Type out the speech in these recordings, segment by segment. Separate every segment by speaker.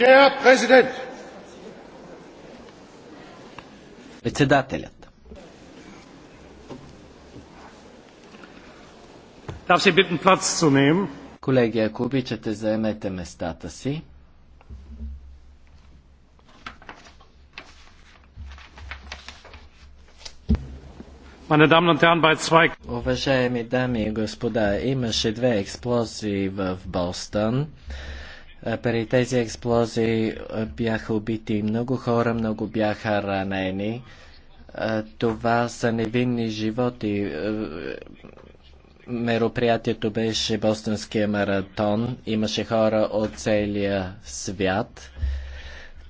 Speaker 1: Der Präsident.
Speaker 2: Председателят. Darf Sie bitten, Platz zu nehmen? Колеги, ако обичате, заемете местата си. Уважаеми дами
Speaker 3: и господа, имаше две експлозии в Бостън. Е, При тези експлозии е, бяха убити много хора, много бяха ранени. Е, това са невинни животи. Мероприятието беше Бостонския маратон. Имаше хора от целия свят.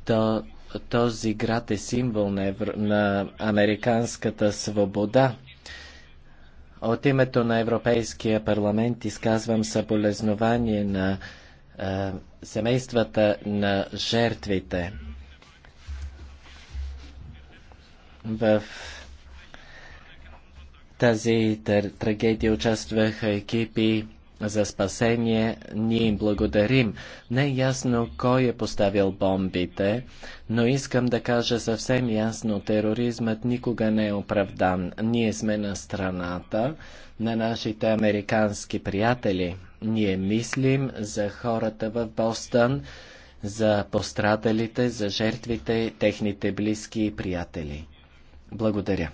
Speaker 3: То, този град е символ на, евро... на американската свобода. От името на Европейския парламент изказвам съболезнование на е, семействата на жертвите. В тази трагедия участваха екипи за спасение. Ние им благодарим. Не е ясно кой е поставил бомбите, но искам да кажа съвсем ясно, тероризмът никога не е оправдан. Ние сме на страната на нашите американски приятели. Ние мислим за хората в Бостън, за пострадалите, за жертвите, техните близки и приятели. Благодаря.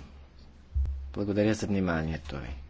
Speaker 3: Благодаря за вниманието ви.